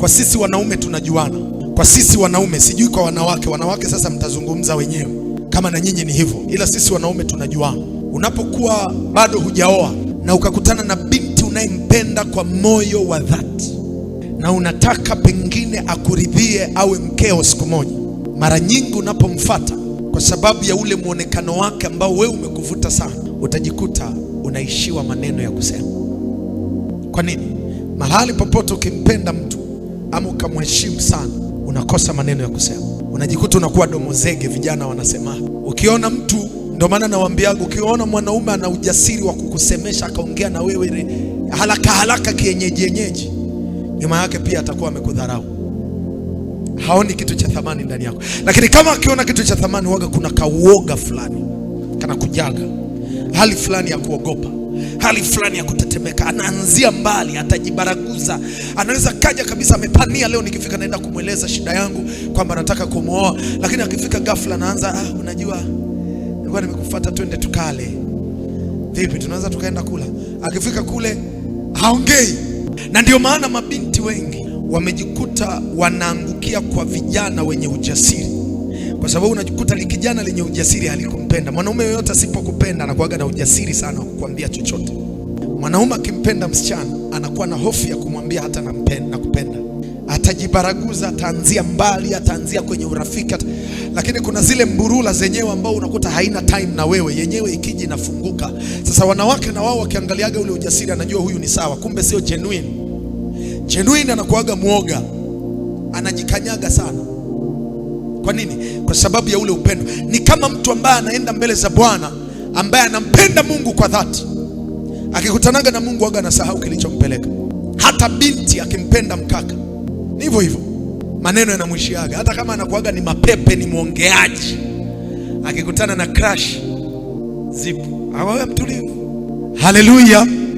Kwa sisi wanaume tunajuana, kwa sisi wanaume, sijui kwa wanawake. Wanawake sasa mtazungumza wenyewe kama na nyinyi ni hivyo, ila sisi wanaume tunajuana. Unapokuwa bado hujaoa na ukakutana na binti unayempenda kwa moyo wa dhati na unataka pengine akuridhie awe mkeo siku moja, mara nyingi unapomfata kwa sababu ya ule mwonekano wake ambao wewe umekuvuta sana, utajikuta unaishiwa maneno ya kusema. Kwa nini? Mahali popote ukimpenda mtu ama ukamheshimu sana, unakosa maneno ya kusema, unajikuta unakuwa domozege, vijana wanasema. Ukiona mtu, ndio maana nawaambiaga, ukiona mwanaume ana ujasiri wa kukusemesha akaongea na wewe haraka haraka, kienyeji yenyeji, nyuma yake pia atakuwa amekudharau, haoni kitu cha thamani ndani yako. Lakini kama akiona kitu cha thamani, waga, kuna kauoga fulani kana kujaga hali fulani ya kuogopa hali fulani ya kutetemeka, anaanzia mbali, atajibaraguza, anaweza kaja kabisa amepania, leo nikifika naenda kumweleza shida yangu kwamba nataka kumwoa, lakini akifika ghafla anaanza ah, unajua nilikuwa nimekufuata, twende tukale. Vipi, tunaweza tukaenda kula? Akifika kule haongei, na ndio maana mabinti wengi wamejikuta wanaangukia kwa vijana wenye ujasiri kwa sababu unakuta likijana lenye ujasiri alikumpenda mwanaume. Yoyote asipokupenda anakuwaga na ujasiri sana kukuambia chochote. Mwanaume akimpenda msichana anakuwa na hofu ya kumwambia hata nampenda, nakupenda. Atajibaraguza, ataanzia mbali, ataanzia kwenye urafiki hata... lakini kuna zile mburula zenyewe ambao unakuta haina time na wewe, yenyewe ikiji inafunguka. Sasa wanawake na wao wakiangaliaga ule ujasiri, anajua huyu ni sawa, kumbe sio genuine. Genuine anakuwaga mwoga, anajikanyaga sana kwa nini? Kwa sababu ya ule upendo. Ni kama mtu ambaye anaenda mbele za Bwana ambaye anampenda Mungu kwa dhati, akikutananga na Mungu aga anasahau kilichompeleka. Hata binti akimpenda mkaka ni hivyo hivyo, maneno yanamwishiaga. Hata kama anakuaga ni mapepe, ni mwongeaji, akikutana na crush zipo, awe mtulivu. Haleluya.